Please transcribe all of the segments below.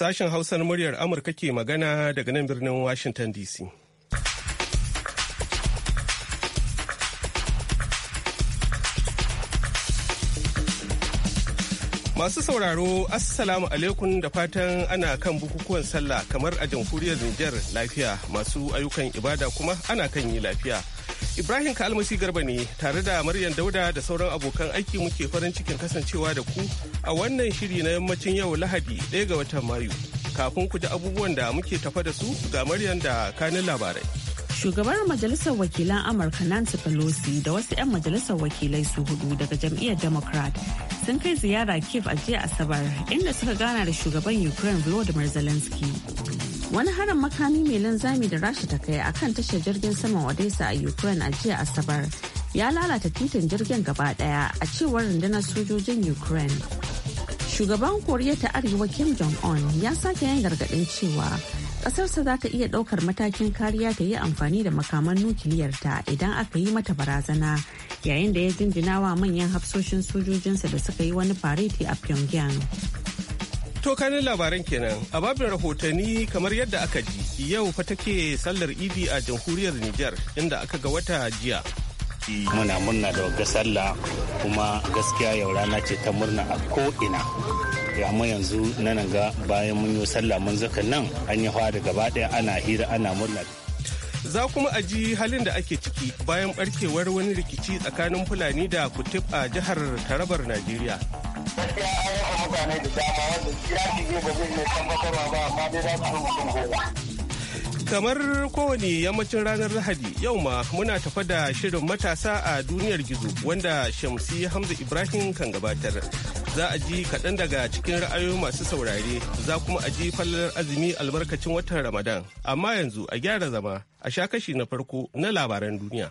Sashen Hausar muryar Amurka ke magana daga nan birnin Washington DC. Masu sauraro, Assalamu alaikum da fatan ana kan bukukuwan sallah kamar a jamhuriyar Nijar lafiya masu ayyukan ibada kuma ana kan yi lafiya. Ibrahim Kalmasi Garba ne tare da Maryam Dauda da sauran abokan aiki muke farin cikin kasancewa da ku a wannan shiri na yammacin yau Lahadi ɗaya ga watan Mayu. Kafin ku ji abubuwan da muke tafa da su ga Maryam da kanin labarai. Shugabar Majalisar Wakilan Amurka Nancy Pelosi da wasu 'yan majalisar wakilai su hudu daga jam'iyyar Democrat sun kai ziyara Kiev a jiya Asabar inda suka gana da shugaban Ukraine Volodymyr Zelensky. wani harin makami mai linzami da rasha ta kai akan tashar jirgin saman odessa a ukraine a jiya asabar ya lalata titin jirgin gaba daya a cewar rundunar sojojin ukraine shugaban koriya ta arewa kim jong-un ya sake yin gargadin cewa kasarsa za ta iya daukar matakin kariya ta yi amfani da makaman nukiliyarta idan aka yi mata barazana yayin da ya jinjina wa manyan hafsoshin sojojinsa da suka yi wani fareti a pyongyang To kanin labaran kenan a babin rahotanni kamar yadda aka ji yau fa take sallar idi a jamhuriyar Nijar inda aka ga wata jiya. E, muna murna da wagga sallah kuma gaskiya yau rana ce ta murna a ko'ina. amma yanzu nan ga bayan mun yi sallah mun zaka nan an yi fara gaba ɗaya ana hira ana murna. Za kuma a ji halin da ake ciki bayan barkewar wani rikici tsakanin Fulani da Kutub a jihar Tarabar Najeriya. Kamar kowane yammacin ranar Lahadi yau ma muna tafa da shirin matasa a duniyar gizo wanda Shamsi Hamza Ibrahim kan gabatar. za a ji kaɗan daga cikin ra'ayoyi masu saurare za kuma a ji fallar azumi albarkacin watan ramadan amma yanzu a gyara zama a sha kashi na farko na labaran duniya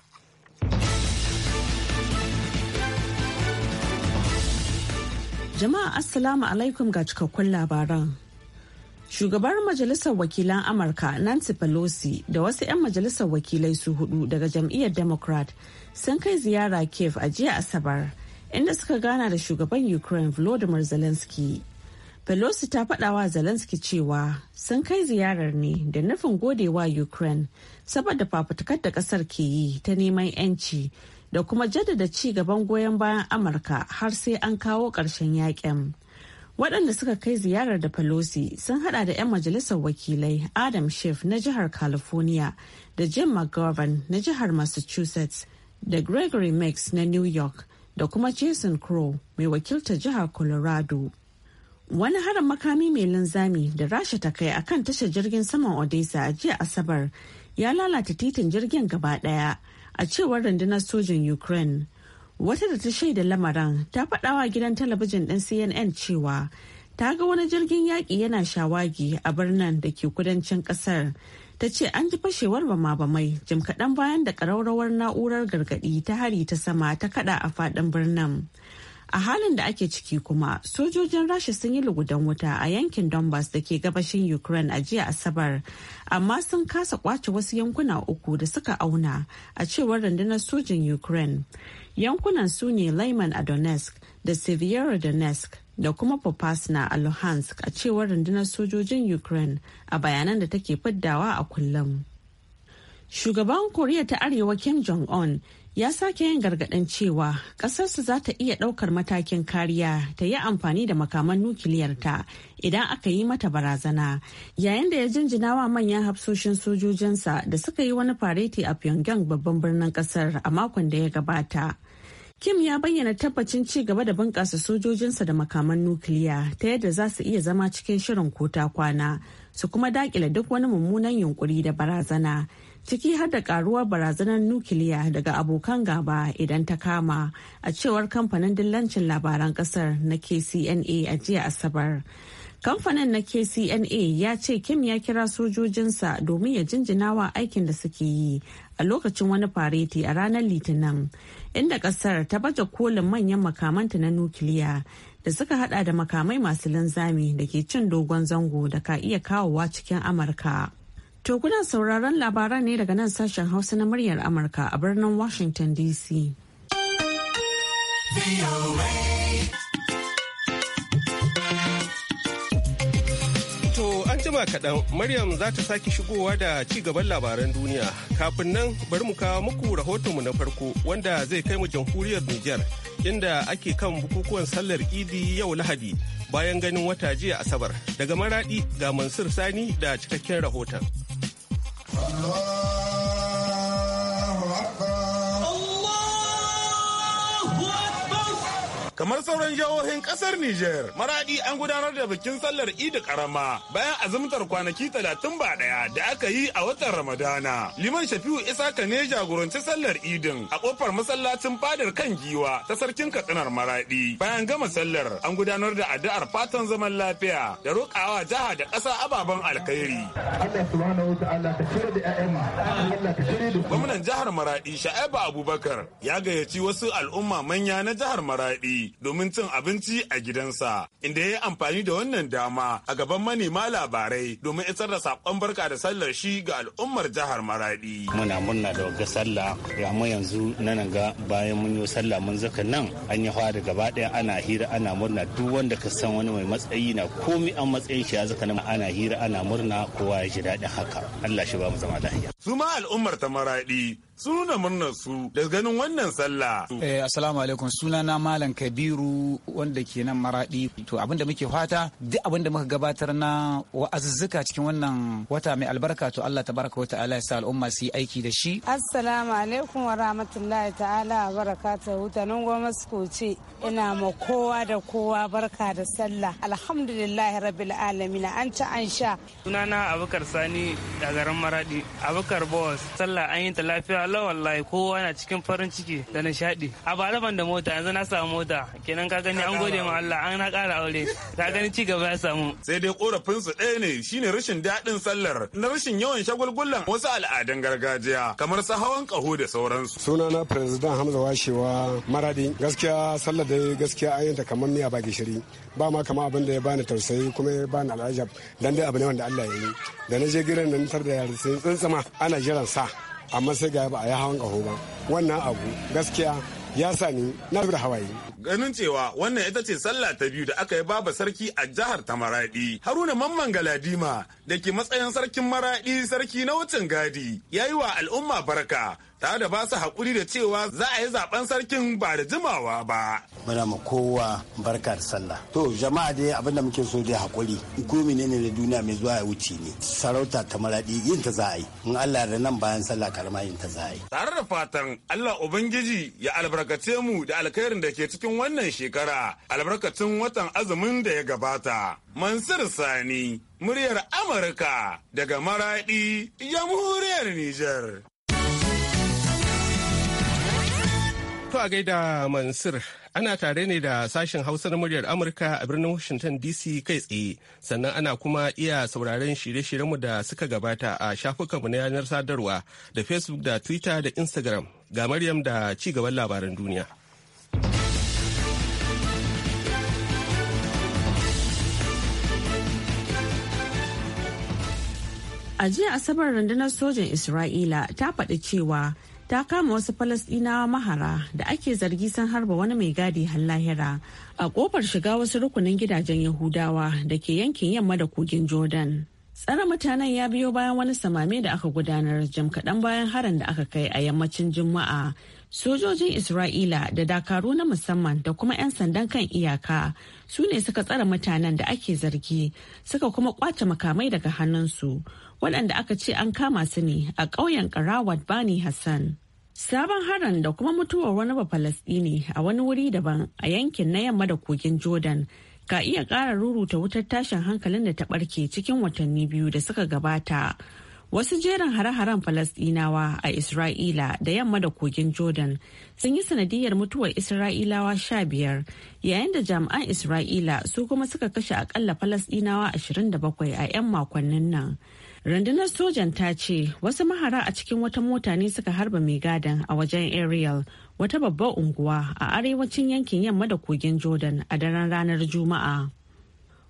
jama'a assalamu alaikum ga cikakkun labaran shugabar majalisar wakilan amurka nancy pelosi da wasu 'yan majalisar wakilai su hudu daga jam'iyyar democrat sun kai ziyara kiev a jiya asabar inda suka gana da shugaban Ukraine Volodymyr Zelensky. Pelosi ta faɗawa Zelensky cewa sun kai ziyarar ne da nufin godewa Ukraine saboda fafutukar da ƙasar ke yi ta neman 'yanci da kuma jaddada ci gaban goyon bayan Amurka har sai an kawo ƙarshen yakin. Waɗanda suka kai ziyarar da Pelosi sun haɗa da 'yan majalisar wakilai Adam Schiff na jihar California da Jim McGovern na jihar Massachusetts da Gregory Mix na New York da kuma Jason Crow mai wakiltar jihar Colorado. Wani harin makami mai linzami da Rasha ta kai a kan tashar jirgin saman Odessa a jiya Asabar ya lalata titin jirgin gaba daya a cewar rundunar sojin Ukraine. Wata da ta shaida lamarin ta faɗawa gidan talabijin ɗin CNN cewa ta ga wani jirgin yaƙi yana shawagi a birnin da ke kudancin ƙasar ta ce an ji fashewar bama-bamai jim kaɗan bayan da ƙararrawar na'urar gargaɗi ta hari ta sama ta kaɗa a faɗin birnin. A halin da ake ciki kuma, sojojin Rasha sun yi lugudan wuta a yankin Donbass da ke gabashin Ukraine a jiya Asabar, amma sun kasa kwace wasu yankuna uku da suka auna a cewar rundunar sojin Ukraine. Yankunan su ne Laiman a Donetsk da Severo Donetsk da kuma Popasna a Luhansk a cewar rundunar sojojin Ukraine a bayanan da take fiddawa a kullum. Shugaban Koriya ta Arewa Kim Jong-un ya sake yin gargaɗin cewa ƙasarsa za ta iya ɗaukar matakin kariya ta yi amfani da makaman nukiliyarta idan aka yi mata barazana yayin da ya jinjina wa manyan hafsoshin sojojinsa da suka yi wani fareti a pyongyang babban birnin ƙasar a makon da ya gabata. Kim ya bayyana tabbacin ci gaba da bunƙasa sojojinsa da makaman nukiliya ta yadda za su iya zama cikin shirin kota kwana su kuma dakile duk wani mummunan yunkuri da barazana ciki har da karuwar barazanar nukiliya daga abokan gaba idan ta kama a cewar kamfanin dillancin labaran kasar na KCNA a jiya Asabar. Kamfanin na KCNA ya ce Kim ya kira sojojinsa domin ya jinjinawa aikin da suke yi a lokacin wani fareti a ranar Litinin, inda kasar ta baje kolin manyan makamanta na nukiliya da suka hada da makamai masu linzami da ke cin dogon zango da ka iya kawowa cikin Amurka. To kuna sauraron labaran ne daga nan sashen Hausa na muryar Amurka a birnin Washington DC. jima kaɗan Maryam za ta sake shigowa da ci gaban labaran duniya. Kafin nan bari mu kawo muku rahotonmu na farko wanda zai kai mu jamhuriyar Nijar inda ake kan bukukuwan sallar Idi yau Lahadi bayan ganin wata jiya Asabar. Daga maraɗi ga Mansur Sani da cikakken rahoton. Allah Kamar sauran jihohin kasar Nijar, maradi an gudanar da bikin sallar eid karama bayan azumtar kwanaki talatin ba daya da aka yi a watan Ramadana. Liman Shafi'u Isaka ne jagoranci sallar Idin a kofar masallacin fadar kan giwa ta sarkin Katsinar Maradi. Bayan gama sallar an gudanar da addu'ar fatan zaman lafiya da roƙawa Jaha da ƙasa ababan alkhairi. Gwamnan jihar Maradi Sha'ibu Abubakar ya gayyaci wasu al'umma manya na jihar Maradi domin cin abinci a gidansa inda ya yi amfani da wannan dama a gaban manema labarai domin isar da sakon barka da sallar shi ga al'ummar jihar maradi muna murna da wagga sallah ya mu yanzu nan ga bayan mun yi sallah mun zaka nan an yi fara gaba daya ana hira ana murna duk wanda ka san wani mai matsayi na komi an matsayin shi ya zaka nan ana hira ana murna kowa ya ji daɗin haka Allah shi ba mu zama lafiya su ma al'ummar ta maradi suna nuna murnar su da ganin wannan sallah. Eh assalamu alaikum sunana Malam Kabiru wanda ke nan maradi to abinda muke fata duk abinda muka gabatar na wa'azuzzuka cikin wannan wata mai albarka to Allah tabaraka wa ta'ala ya sa al'umma su yi aiki da shi. Assalamu alaikum wa rahmatullahi ta'ala wa barakatuhu tanin goma su ce ina ma kowa da kowa barka da sallah alhamdulillah rabbil alamin an ta an sha. Sunana Abubakar Sani da garin Maradi Abubakar Boss sallah an yi ta lafiya Allah wallahi kowa na cikin farin ciki da nishadi a bara ban da mota yanzu na samu mota kenan ka gani an gode ma Allah an na ƙara aure ka gani ci gaba ya samu sai dai korafin su ɗaya ne shine rashin daɗin sallar na rashin yawan shagulgullan wasu al'adun gargajiya kamar su hawan ƙaho da sauransu Suna na president Hamza Washewa Maradi gaskiya sallar da gaskiya an ta kamar miya ba gishiri ba ma kama abin da ya bani tausayi kuma ya bani al'ajab dan dai abu ne wanda Allah ya yi da na je gidan nan tar da yarda sai ana jiran sa amma sai ga ba a yi hawan ƙaho ba wannan abu gaskiya ya sani na da hawaye. Ganin cewa wannan ita ce sallah ta biyu da aka yi baba sarki a jihar ta Maradi. Haruna Mamman Galadima da ke matsayin sarkin Maradi sarki na wucin gadi ya yi wa al'umma barka ta da ba su haƙuri da cewa za a yi zaben sarkin ba da jimawa ba. Muna ma kowa barka da sallah. To jama'a dai abin da muke so dai haƙuri. Gomi ne da duniya mai zuwa ya wuce ne. Sarauta ta maraɗi yin ta za a yi. In Allah da nan bayan sallah karama yin ta za a yi. Tare da fatan Allah Ubangiji ya albarkace mu da alkhairin da ke cikin wannan shekara. Albarkacin watan azumin da ya gabata. Mansur Sani, muryar Amurka daga Maraɗi, Jamhuriyar Nijar. To a gaida Mansur, ana tare ne da sashen Hausa na muryar Amurka a birnin Washington DC kai tsaye, sannan ana kuma iya sauraren shirye-shiryenmu da suka gabata a shafukanmu na yanar sadarwa da Facebook da Twitter da Instagram ga Maryam da ci gaban labaran duniya. A jiya Asabar rundunar sojan Isra'ila ta faɗi cewa ta kama wasu falasdinawa mahara da ake zargi sun harba wani mai gadi har lahira a kofar shiga wasu rukunin gidajen yahudawa da ke yankin yamma da kogin jordan Tsara mutanen ya biyo bayan wani samame da aka gudanar jim kaɗan bayan harin da aka kai a yammacin juma'a sojojin isra'ila da dakaru na musamman da kuma 'yan sandan kan iyaka su ne suka tsara mutanen da ake zargi suka kuma kwace makamai daga hannunsu waɗanda aka ce an kama su ne a ƙauyen karawat bani hassan sabon harin da kuma mutuwar wani Falasɗini a wani wuri daban a yankin na yamma da kogin jordan ka iya ƙara ruruta wutar tashin hankalin da ta ɓarke cikin watanni biyu da suka gabata Wasu jerin hare-haren Falasɗinawa a Isra'ila da yamma da kogin Jordan sun yi sanadiyar mutuwar Isra'ilawa sha biyar yayin da jami'an Isra'ila su kuma suka kashe akalla Falasɗinawa 27 a 'yan makonnin nan. Rundunar sojan ta ce wasu mahara a cikin wata mota ne suka harba mai gadon a wajen Ariel wata babbar unguwa a arewacin yankin yamma da kogin Jordan a daren ranar Juma'a.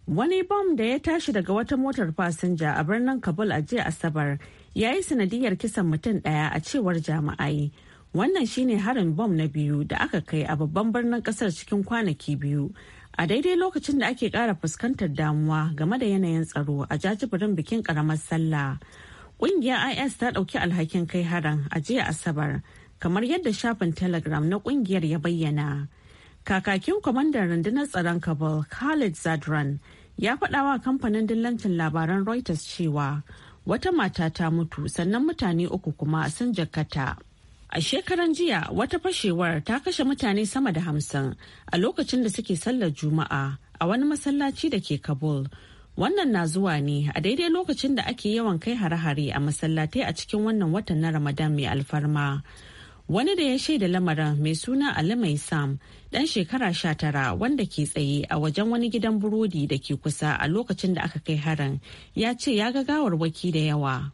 Wani bom da ya tashi daga wata motar fasinja a birnin Kabul a jiya Asabar ya yi sanadiyar kisan mutum ɗaya a cewar jama'ai. Wannan shine harin bom na biyu da aka kai a babban birnin ƙasar cikin kwanaki biyu a daidai lokacin da ake kara fuskantar damuwa game da yanayin tsaro a jajibirin bikin karamar sallah kungiyar is ta dauki alhakin kai haran a jiya asabar kamar yadda shafin telegram na kungiyar ya bayyana kakakin kwamandan rundunar tsaron kabul khalid zadran ya faɗawa kamfanin dillancin labaran reuters cewa wata mata ta mutu sannan mutane uku kuma sun jakkata A shekaran jiya wata fashewar ta kashe mutane sama da hamsin a lokacin da suke sallar Juma'a a wani masallaci da ke Kabul. Wannan na zuwa ne a daidai lokacin da ake yawan kai hare-hare a masallatai a cikin wannan watan na Ramadan mai alfarma. Wani da ya shaida lamarin mai suna Ali Mai Sam, ɗan shekara sha tara wanda ke tsaye a wajen wani gidan burodi da ke kusa a lokacin da aka kai harin, ya ce ya ga gawarwaki da yawa.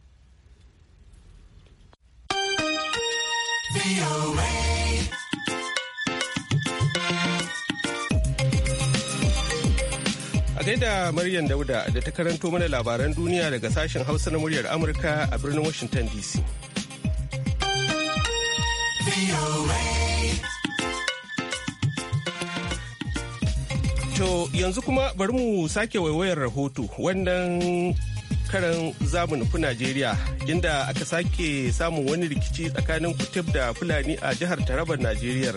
A gaida Maryam Dauda da ta karanto mana labaran duniya daga sashen Hausa na muryar Amurka a birnin Washington DC. To yanzu kuma bari mu sake waiwayar rahoto wannan karan zamani nufi Najeriya inda aka sake samun wani rikici tsakanin kutub da Fulani a jihar Taraban Najeriya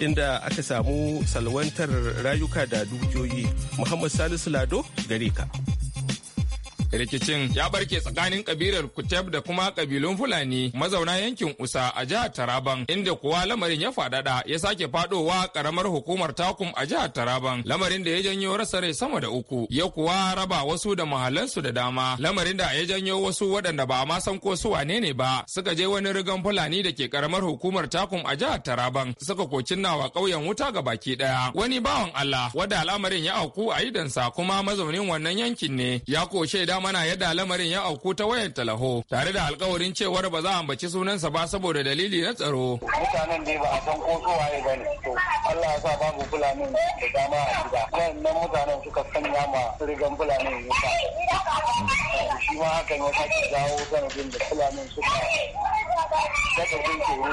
inda aka samu salwantar rayuka da dukiyoyi. Muhammad Salisu Lado gare ka. Rikicin ya barke tsakanin kabilar Kuteb da kuma kabilun Fulani mazauna yankin Usa a jihar Taraban inda kuwa lamarin ya fadada ya sake fadowa karamar hukumar Takum a jihar Taraban lamarin da ya janyo rasa rai sama da uku ya kuwa raba wasu da muhallansu da dama lamarin da ya janyo wasu waɗanda ba ma san ko su wane ne ba suka je wani rigan Fulani da ke karamar hukumar Takum a jihar Taraban suka kocin nawa ƙauyen wuta ga baki ɗaya wani bawan Allah wadda lamarin ya auku a idansa kuma mazaunin wannan yankin ne ya koshe. shaida mana yadda lamarin ya auku ta wayar talaho tare da alkawarin cewar ba za a ambaci sunansa ba saboda dalili na tsaro. Mutanen dai ba a san ko zuwa ya gani. Allah ya sa babu fulani da dama a gida. nan mutanen suka sanya ma rigan fulani sa. Shi ma hakan ya sake jawo sanadin da fulani suka daga jin kuma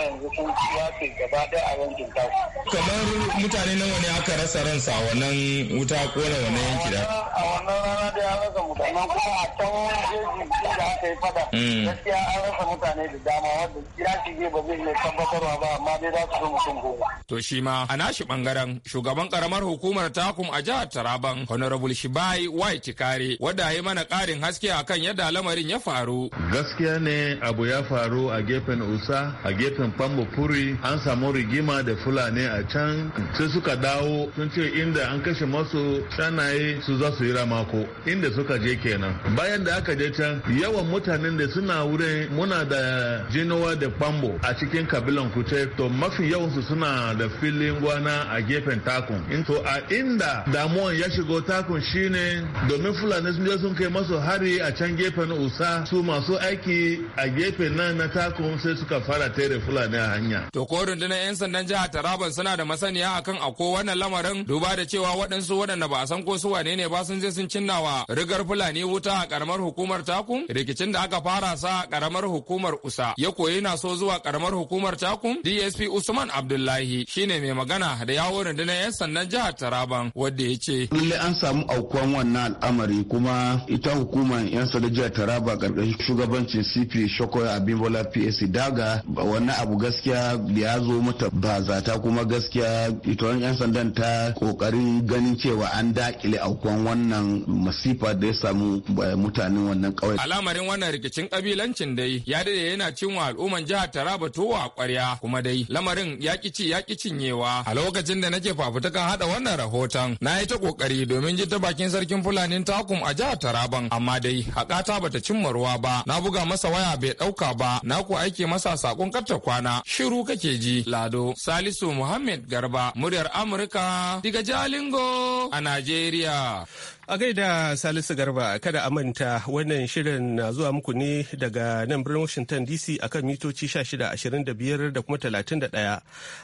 yanzu sun ce gaba ɗaya a yankin tasu. kamar mutane nawa ne aka rasa ransa a wannan wuta kona wannan yanki da a wannan rana da ya rasa mutanen kuma a can jeji da aka yi fada hmm. gaskiya an rasa mutane da dama wanda kira shi ba zai iya tabbatarwa ba amma dai za su zo mutum goma. to shi ma a nashi ɓangaren, shugaban karamar hukumar takum a jihar taraban honorable shibai white kare wadda ya mana karin haske akan yadda lamarin ya faru gaskiya ne abu ya faru faru a gefen usa a gefen fambo puri an samu rigima da fulani a can sai suka dawo sun ce inda an kashe masu shanaye su za su yi ramako inda suka je kenan bayan da aka je can yawan mutanen da suna wurin muna da jinowa da fambo a cikin kabilan kuce to mafi yawansu suna da filin gwana a gefen takun in to a inda damuwan ya shigo takun shine domin fulani sun je sun kai masu hari a can gefen usa su masu aiki a gefen nan na taku sai suka fara tere fulani a hanya. To ko rundunar 'yan sandan jihar Taraban suna da masaniya akan ko wannan lamarin duba da cewa waɗansu waɗanda ba a san ko su wane ne ba sun je sun cinnawa rigar fulani wuta a karamar hukumar taku rikicin da aka fara sa a karamar hukumar usa ya koyi na so zuwa karamar hukumar taku DSP Usman Abdullahi shine mai magana da yawo rundunar 'yan sandan jihar taraba wanda ya ce. Lalle an samu aukuwan wannan al'amari kuma ita hukumar 'yan sandan jihar Taraba karkashin shugabancin CP Shoko Abimbola bola psc daga wani abu gaskiya ya zo mata ba zata kuma gaskiya ita yan sandan ta kokarin ganin cewa an dakile aukuwan wannan masifa da ya samu eh, mutanen wannan kawai alamarin wannan rikicin kabilancin dai ya dade yana cin wa al'umman jihar taraba towa kwarya kuma dai lamarin ya kici ya ki cinyewa a lokacin da nake fafutukan hada wannan rahoton na yi ta kokari domin ji ta bakin sarkin fulanin takum a jihar taraban amma dai haƙata bata cimma ruwa ba na buga masa waya bai ɗauka ba na ku aike masa sakon karta kwana shiru kake ji Lado Salisu Muhammad Garba muryar Amurka diga Jalingo a Najeriya. A gaida Salisu Garba kada a manta wannan shirin na zuwa muku ne daga nan birnin Washington DC akan mitoci 1625 da kuma 31.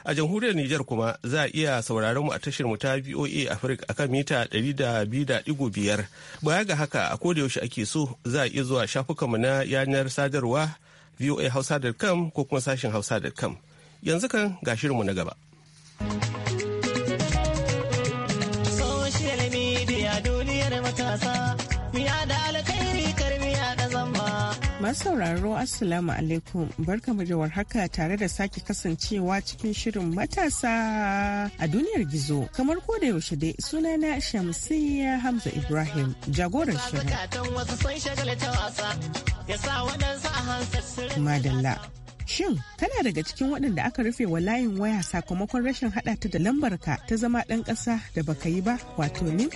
A jamhuriyar Nijar kuma za a iya sauraron mu a tashar mu ta VOA Africa akan mita 200.5. Baya ga haka a koda yaushe ake so za a iya zuwa shafukanmu na yanar sadarwa voahausa.com ko kuma sashen hausa.com. Yanzu kan ga shirinmu na gaba. da Masu sauraro Assalamu alaikum barka jawar haka tare da sake kasancewa cikin shirin matasa a duniyar gizo kamar ko da yaushe dai suna na Shamsiyya Hamza Ibrahim jagoran shirin. Madalla. Shin tana daga cikin waɗanda aka rufe wa layin waya sakamakon rashin haɗa ta da lambarka ta zama ɗan ƙasa da baka yi ba wato ne?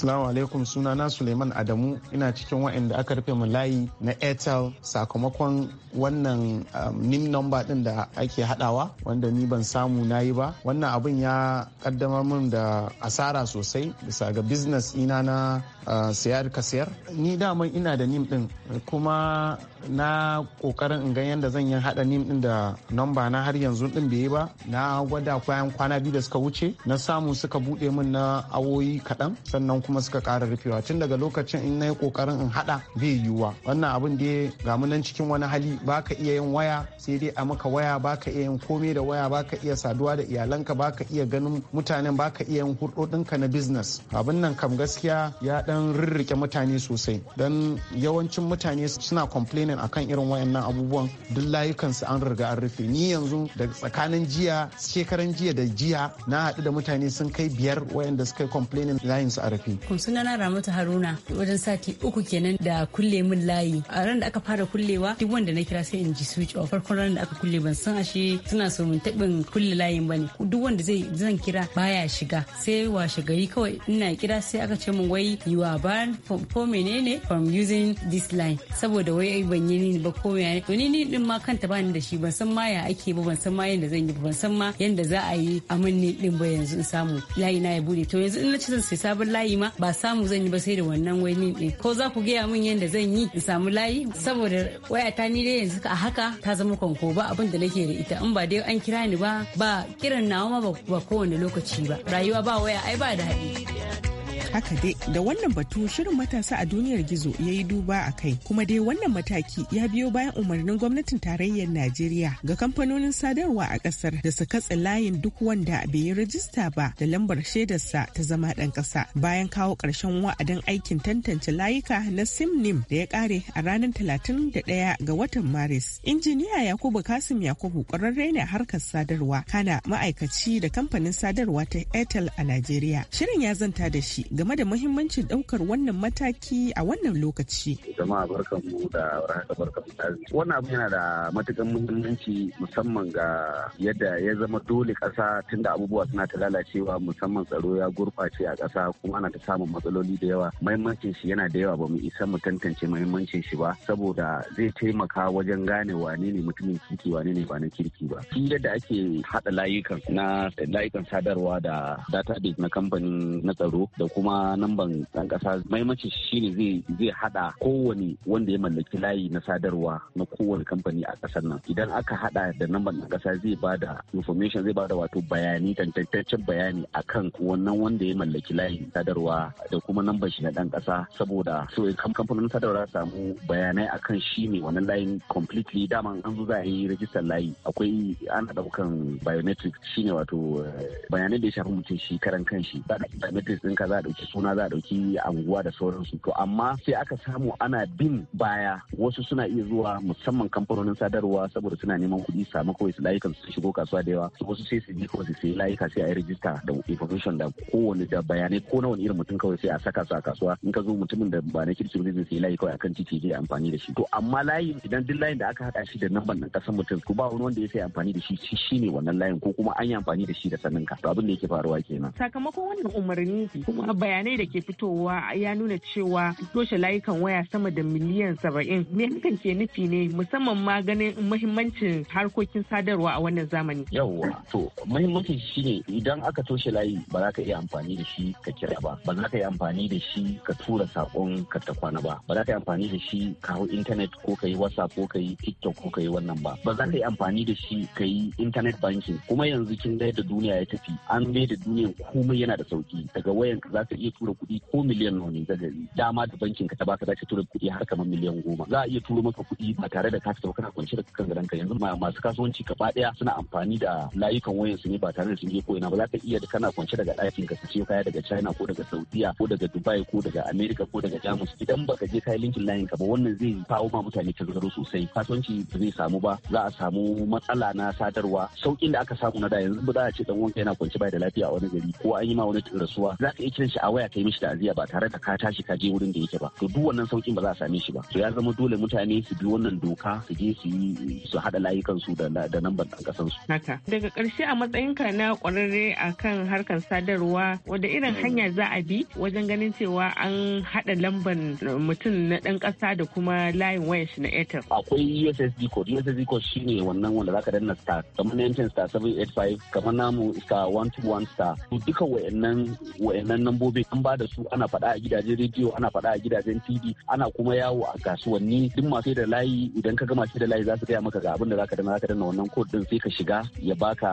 Salamu alaikum sunana Suleiman Adamu ina cikin waɗanda aka rufe mu layi na Airtel sakamakon wannan nim um, number din da ake hadawa wanda ni ban samu na yi ba. Wannan abin ya kaddamar min da asara sosai bisa ga business ina na uh, sayar ka sayar. Ni daman ina da nim din kuma na kokarin in ga yadda zan yi hada nim din da namba na har yanzu din bai yi ba na gwada kwayan kwana biyu da suka wuce na samu suka bude min na awoyi kaɗan sannan kuma suka ƙara rufewa tun daga lokacin in na yi kokarin in hada bai yiwuwa wannan abin da ga mu nan cikin wani hali baka iya yin waya sai dai a maka waya baka iya yin komai da waya baka iya saduwa da iyalanka baka iya ganin mutanen baka iya yin hurdodinka na business abin nan kam gaskiya ya dan rirrike mutane sosai dan yawancin mutane suna complain complaining akan irin wayannan abubuwan duk layukansu an riga an rufe ni yanzu da tsakanin jiya shekaran jiya da jiya na haɗu da mutane sun kai biyar wayanda suka yi complaining su a rufe. kun suna na ramata haruna wajen sati uku kenan da kulle min layi a ran da aka fara kullewa duk wanda na kira sai in ji switch off farkon ran da aka kulle ban san ashe suna so mun taɓin kulle layin bane duk wanda zai zan kira baya shiga sai washe gari kawai ina kira sai aka ce min wai you are banned for menene from using this line saboda wai ban yi ba ko ya to ni ni din ma kanta ba ni da shi ban san ma ya ake ba ban san ma yanda zan yi ba ban san ma yanda za a yi a min ni din ba yanzu in samu layi na ya bude to yanzu in na ci zan sai sabon layi ma ba samu zan yi ba sai da wannan wai ni din ko za ku gaya min yanda zan yi in samu layi saboda waya ta ni dai yanzu a haka ta zama kwanko ba abin da nake da ita in ba dai an kira ni ba ba kiran nawa ma ba kowane lokaci ba rayuwa ba waya ai ba daɗi. haka dai da wannan batu shirin matasa a duniyar gizo ya yi duba a kai kuma dai wannan mataki ya biyo bayan umarnin gwamnatin tarayyar najeriya ga kamfanonin sadarwa a kasar da su katse layin duk wanda bai yi rajista ba da lambar shaidarsa ta zama dan kasa bayan kawo karshen wa'adin aikin tantance layuka na simnim da ya kare a ranar talatin da 31 ga watan maris injiniya yakubu kasim yakubu kwararre ne harkar sadarwa kana ma'aikaci da kamfanin sadarwa ta airtel a najeriya shirin ya zanta da shi game da muhimmancin ɗaukar wannan mataki a wannan lokaci. Jama'a mu da warhaka barkan mu. Wannan abu yana da matukan muhimmanci musamman ga yadda ya zama dole ƙasa tunda abubuwa suna ta lalacewa musamman tsaro ya gurɓace a ƙasa kuma ana ta samun matsaloli da yawa. Muhimmancin shi yana da yawa ba mu isa mu tantance muhimmancin shi ba saboda zai taimaka wajen gane wane ne mutumin kirki wane ne ba na kirki ba. Shi yadda ake haɗa layukan na layukan sadarwa da database na kamfanin na tsaro da kuma kuma namban dan ƙasa maimaci shine zai zai haɗa kowane wanda ya mallaki layi na sadarwa na kowane kamfani a kasar nan idan aka haɗa da namban ɗan ƙasa zai ba da information zai ba da wato bayani tantantaccen bayani akan wannan wanda ya mallaki layi na sadarwa da kuma namban shi na dan kasa saboda so kamfanin sadarwa samu bayanai akan shi ne wannan layin completely daman an zo za a yi rajistar layi akwai ana daukan biometric shine wato eh, bayanai da ya shafi mutum shi karan kanshi biometric ka za a ɗauki suna za a ɗauki anguwa da su, to amma sai aka samu ana bin baya wasu suna iya zuwa musamman kamfanonin sadarwa saboda suna neman kuɗi samu kawai su layukan su shigo kasuwa da yawa wasu sai su bi kawai su sai layuka sai a yi rijista da information da kowane da bayanai ko na wani irin mutum kawai sai a saka su a kasuwa in ka zo mutumin da ba na kirki zai sai layi kawai akan titi zai amfani da shi to amma layin idan duk layin da aka haɗa shi da namban nan kasan mutum ko ba wani wanda ya sai amfani da shi shi ne wannan layin ko kuma an yi amfani da shi da sanin ka to abin da yake faruwa kenan sakamakon wannan umarni kuma bayanai da ke fitowa ya nuna cewa toshe layukan waya sama da miliyan saba'in me hakan ke nufi ne musamman ma ganin muhimmancin harkokin sadarwa a wannan zamani yawwa to muhimmancin shi ne idan aka toshe layi ba za ka iya amfani da shi ka kira ba ba za ka iya amfani da shi ka tura saƙon ka ta kwana ba ba za ka iya amfani da shi ka hau intanet ko ka yi whatsapp ko ka yi tiktok ko ka yi wannan ba ba za ka iya amfani da shi ka yi intanet banking kuma yanzu kin da duniya ya tafi an mai da duniyan komai yana da sauki daga wayan ka za ka iya tura kuɗi ko miliyan nawa ne gari dama da bankin ka ta baka za ka tura kuɗi har kamar miliyan goma za a iya turo maka kuɗi ba tare da ka fita kana kwance da kan ka yanzu masu kasuwanci gaba ɗaya suna amfani da layukan wayan su ne ba tare da sun je ko ina ba za ka iya da kana kwance daga ɗakin ka sace kaya daga China ko daga Saudiya ko daga Dubai ko daga America ko daga Jamus idan baka je kai linkin layin ka ba wannan zai kawo ma mutane tazaro sosai kasuwanci zai samu ba za a samu matsala na sadarwa saukin da aka samu na da yanzu ba za a ce dan wanka yana kwanci bai da lafiya a wani gari ko an yi ma wani rasuwa za ka iya kiran shi a a waya kai mishi ta'aziyya ba tare da ka tashi ka je wurin da yake ba to duk wannan saukin ba za a same shi ba to ya zama dole mutane su bi wannan doka su je su yi su hada layukan su da lambar dan kasan su haka daga karshe a matsayin ka na kwararre akan harkar sadarwa wanda irin hanya za a bi wajen ganin cewa an hada lambar mutum na dan kasa da kuma layin wayar shi na Airtel akwai USSD code USSD code shine wannan wanda zaka danna star kamar na yankin star 785 kamar namu star 121 star duka wayannan wayannan gobe an ba da su ana fada a gidajen rediyo ana fada a gidajen tv ana kuma yawo a kasuwanni duk masu da layi idan ka gama masu da layi za su gaya maka ga abin da zaka dana zaka dana wannan code din sai ka shiga ya baka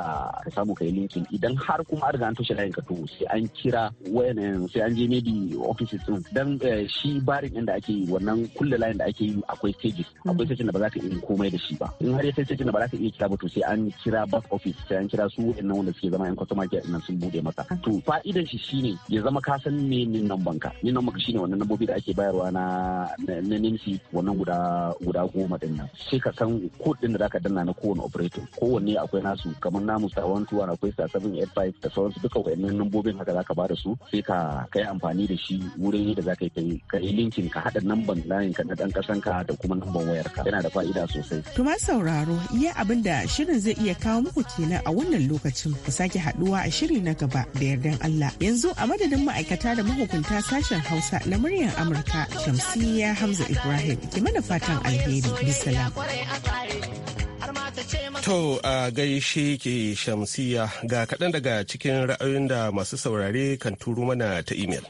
ka samu kai linkin idan har kuma an riga an toshe layin ka to sai an kira wayan sai an je maybe offices din dan eh, shi barin inda ake yi wannan kulle layin da ake yi akwai stages hmm. akwai stages da ba za ka iya komai da shi ba in har ya sai station da ba za ka iya kira ba to sai an kira back office sai an kira su wayannan wanda suke zama yan customer care din sun bude maka to fa'idan shi shine ya zama ka san me nin namban ka nin namban ka shine wannan nambobi da ake bayarwa na na nemsi wannan guda guda goma din nan sai ka san code din da zaka danna na kowane operator kowanne akwai nasu kamar namu star 121 akwai star 785 da sauransu duka wayannan nambobin haka zaka bada su sai ka kai amfani da shi wurin yadda zaka yi ka yi linkin ka hada namban layin ka na dan kasan ka da kuma namban wayar ka yana da fa'ida sosai to ma sauraro iya abin da shirin zai iya kawo muku kenan a wannan lokacin ku sake haduwa a shiri na gaba da yardan Allah yanzu a madadin mu ma'aikata da mahukunta sashen Hausa na muryar Amurka Shamsiyya Hamza Ibrahim ke mana fatan alheri bisalam. To a gaishe ke Shamsiyya ga kaɗan daga cikin ra'ayoyin da masu saurare kan turu mana ta imel.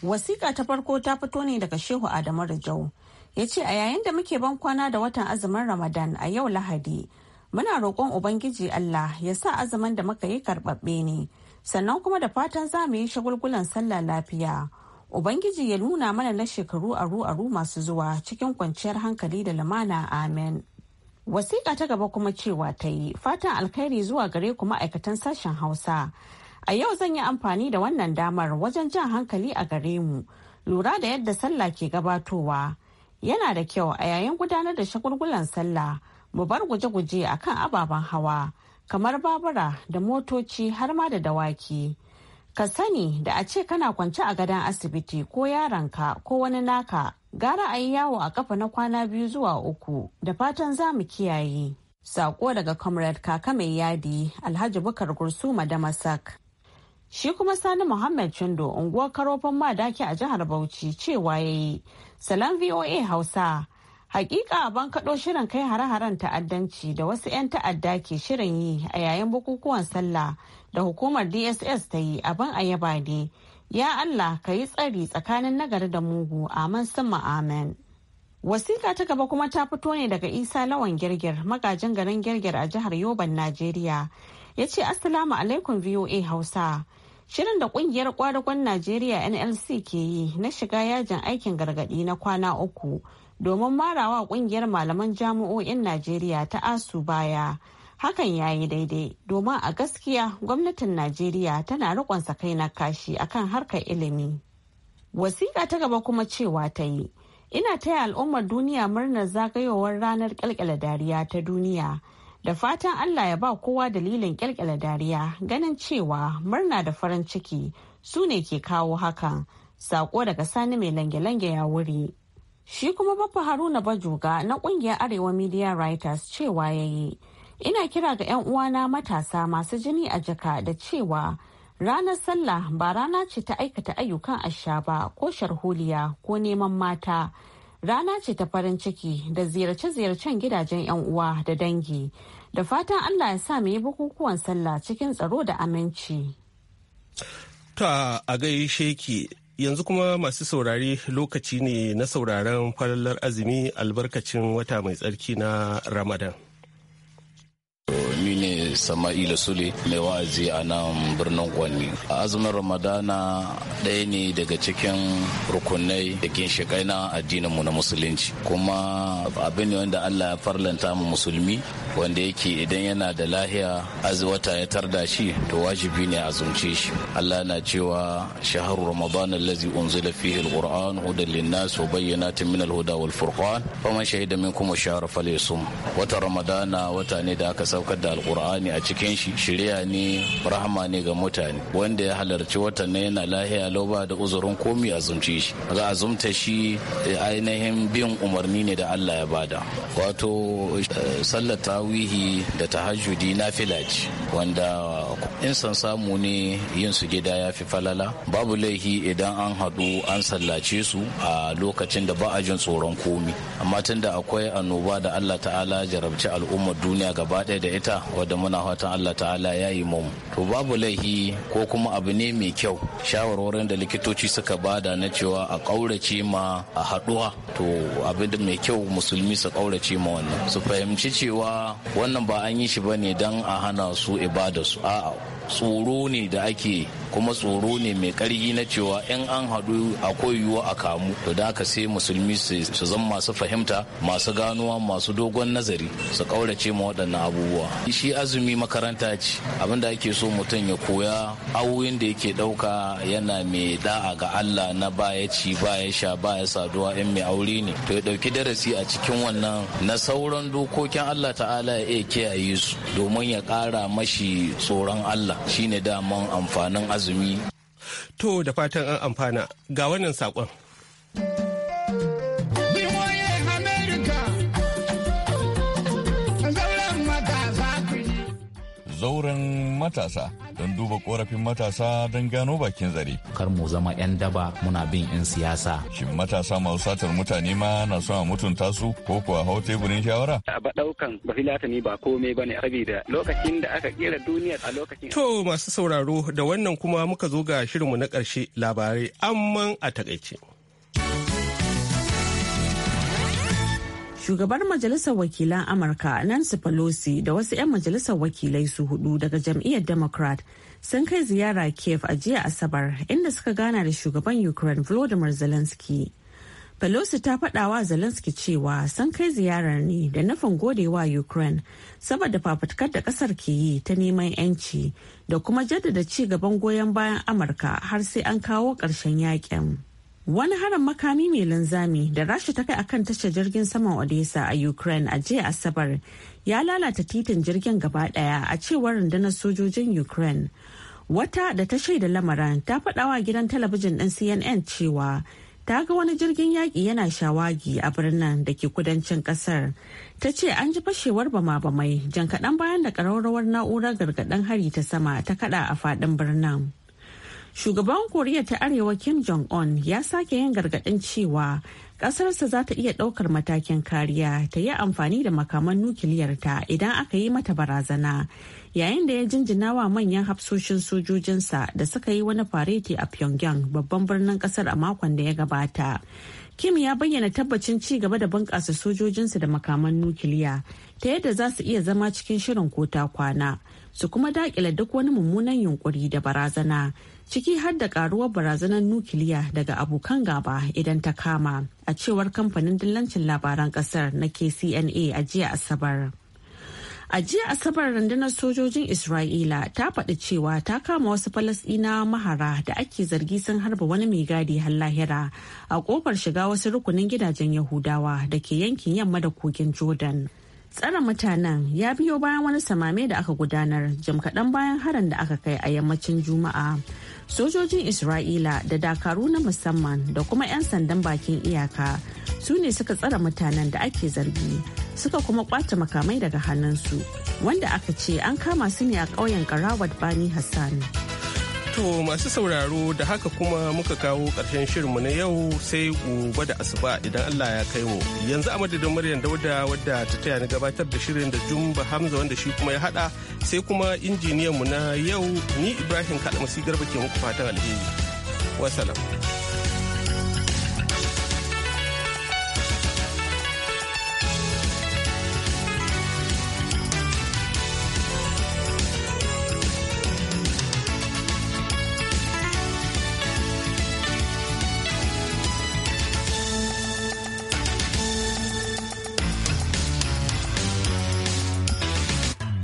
Wasiƙa ta farko ta fito ne daga Shehu Adamu Rajau. Ya ce a yayin da muke ban kwana da watan azumin Ramadan a yau Lahadi, muna roƙon Ubangiji Allah ya sa azumin da muka yi karɓaɓɓe ne. sannan kuma da fatan za mu yi shagulgulan sallah lafiya ubangiji ya nuna mana na shekaru aru aru masu zuwa cikin kwanciyar hankali da lamana amen wasiƙa ta gaba kuma cewa ta yi fatan alkhairi zuwa gare ku ma'aikatan sashen hausa a yau zan yi amfani da wannan damar wajen jan hankali a gare mu lura da yadda sallah ke gabatowa yana da kyau a yayin gudanar da shagulgulan sallah mu bar guje-guje akan ababen hawa kamar babura da motoci har ma da dawaki. Ka sani da a ce kana kwance a gadon asibiti ko yaronka ko wani naka gara a yi yawo a kafa na kwana biyu zuwa uku da fatan za mu kiyaye. Sako daga Comrade Kaka Mai Yadi Alhaji Bukar Gursuma da Masak. Shi kuma Sani Muhammad Chindo unguwar karofan madaki a jihar Bauchi cewa ya yi. Salam VOA Hausa. Hakika ban kaɗo shirin kai hare-haren ta'addanci da wasu 'yan ta'adda ke shirin yi a yayin bukukuwan sallah da hukumar DSS ta yi abin a yaba ne. Ya Allah ka yi tsari tsakanin nagari da mugu amin sama amen. Wasiƙa ta gaba kuma ta fito ne daga Isa Lawan Girgir magajin garin Girgir a jihar Yoban Najeriya. Ya ce Assalamu alaikum VOA Hausa. Shirin da ƙungiyar kwadagon Najeriya NLC ke yi na shiga yajin aikin gargadi na kwana uku domin marawa kungiyar malaman jami'o'in Najeriya ta ASU baya. Hakan ya yi daidai domin a gaskiya gwamnatin Najeriya tana rikon kai na kashi akan harkar ilimi. Wasiƙa ta gaba kuma cewa ta yi, ina taya al'ummar duniya murnar zagayowar ranar ƙalƙala dariya ta duniya. Da fatan Allah ya ba kowa dalilin ƙalƙala dariya ganin cewa murna da farin ciki su ne ke kawo hakan. Saƙo daga sani mai lange-lange ya wuri. Shi kuma Baffa Haruna Bajoga na kungiyar Arewa Media Writers cewa ya yi, ina kira ga 'yan uwana matasa masu jini a jaka da cewa ranar sallah ba rana ce ta aikata ayyukan asha ba ko sharholiya ko neman mata. Rana ce ta farin ciki da ziyarce-ziyarcen gidajen 'yan uwa da dangi. Da fatan Allah ya sa mu yi bukukuwan sallah cikin tsaro da aminci. Ta a gaishe ki yanzu kuma masu saurari lokaci ne na sauraron falalar azumi albarkacin wata mai tsarki na ramadan Sama'ila Sule mai wa'azi a nan birnin Kwanni. Azumin Ramadana ɗaya ne daga cikin rukunai da ginshiƙai na addinin mu na musulunci kuma abin ne wanda Allah ya farlanta mu musulmi wanda yake idan yana da lahiya wata ya tarda shi to wajibi ne a azumce shi. Allah na cewa shahar ramadana lazi unzila fihi alquran hudan linnas wa bayyinatin min al-huda wal furqan faman shahida minkum shahra falyasum wata Ramadana wata ne da aka saukar da alqur'ani ne a cikin shi shirya ne rahama ne ga mutane wanda ya halarci watan nan yana lahiya lauba da uzurin komi a zumce shi ga azumta shi eh, ainihin bin umarni ne da Allah ya bada wato eh, sallar tawihi da tahajjudi na filaci wanda in san samu ne yin su gida ya fi falala babu laihi idan an haɗu an sallace su a lokacin da ba a jin tsoron komi amma tun da akwai annoba da allah ta'ala jarabci al'ummar duniya gaba ɗaya da ita wadda muna fatan allah ta'ala ya yi mu to babu laihi ko kuma abu ne mai kyau shawarwarin da likitoci suka bada na cewa a ƙaurace ma a haɗuwa to abin da mai kyau musulmi su ƙaurace ma wannan su fahimci cewa wannan ba an yi shi ba ne don a hana su ibada su a'a tsoro ne da ake kuma tsoro ne mai ƙarfi na cewa in an haɗu akwai yiwuwa a kamu to da haka sai musulmi su zama masu fahimta masu ganuwa masu dogon nazari su ƙaurace ma waɗannan abubuwa shi azumi makaranta ce da ake so mutum ya koya awoyin da yake ɗauka yana mai da'a ga Allah na baya ci baya sha baya saduwa in mai aure ne to ya ɗauki darasi a cikin wannan na sauran dokokin Allah ta'ala ya iya kiyaye su domin ya ƙara mashi tsoron Allah shine daman amfanin azumi. To da fatan an amfana ga wannan saƙon. matasa don duba korafin matasa don gano bakin zare. Kar mu zama 'yan daba muna bin 'yan siyasa. Shin matasa masu satar mutane ma na son a mutunta su ko kuwa hau teburin shawara? A ba ɗaukan ba filatani ba komai ba ne da lokacin da aka kera duniya a lokacin. To masu sauraro da wannan kuma muka zo ga shirinmu na ƙarshe labarai amman a takaice. Shugabar Majalisar Wakilan Amurka Nancy Pelosi da wasu 'yan majalisar wakilai su hudu daga jam'iyyar Democrat sun kai ziyara Kiev a jiya Asabar inda suka gana da shugaban Ukraine Volodymyr Zelensky. Pelosi ta faɗa wa Zelensky cewa sun kai ziyarar ne da nufin godewa Ukraine saboda fafutukar da ƙasar ke yi ta neman 'yanci da kuma jaddada ci gaban goyon bayan Amurka har sai an kawo ƙarshen yakin. Wani harin makami mai linzami da Rasha ta kai akan tashar jirgin saman Odessa a Ukraine a jiya Asabar ya lalata titin jirgin gaba daya a cewar rundunar sojojin Ukraine. Wata da ta shaida lamarin ta faɗawa gidan talabijin ɗin CNN cewa ta ga wani jirgin yaƙi yana shawagi a birnin da ke kudancin ƙasar. Ta ce an ji fashewar bama-bamai jan kaɗan bayan da ƙararrawar na'urar gargaɗin hari ta sama ta kaɗa a faɗin birnin. Shugaban Koriya ta Arewa Kim Jong-un ya sake yin gargaɗin cewa ƙasarsa za ta iya ɗaukar matakin kariya ta yi amfani da makaman nukiliyarta idan aka yi mata barazana yayin da ya jinjina wa manyan hafsoshin sojojinsa da suka yi wani fareti a Pyongyang babban birnin ƙasar a makon da ya gabata. Kim ya bayyana tabbacin ci gaba da bunƙasa sojojinsa da makaman nukiliya ta yadda za su iya zama cikin shirin kota kwana su kuma daƙile duk wani mummunan yunƙuri da barazana ciki har da karuwar barazanar nukiliya daga abokan gaba idan ta kama a cewar kamfanin dillancin labaran kasar na kcna a jiya asabar a jiya asabar rundunar sojojin isra'ila ta faɗi cewa ta kama wasu falasɗina mahara da ake zargi sun harba wani mai gadi har lahira a ƙofar shiga wasu rukunin gidajen yahudawa da ke yankin yamma da kogin jordan tsara mutanen ya biyo bayan wani samame da aka gudanar jim kaɗan bayan harin da aka kai a yammacin juma'a sojojin isra'ila da dakaru na musamman da kuma 'yan sandan bakin iyaka su ne suka tsare mutanen da ake zargi suka kuma kwace makamai daga hannunsu wanda aka ce an kama su ne a ƙauyen karawat bani hassan To masu sauraro da haka kuma muka kawo ƙarshen shirinmu na yau sai gobe da asuba idan Allah ya kai mu. Yanzu a madadin Maryam Dauda wadda ta taya ni gabatar da shirin da Jumba Hamza wanda shi kuma ya hada sai kuma injiniyanmu na yau ni Ibrahim Kalamasi Garba ke muku fatan alheri. Wasalam.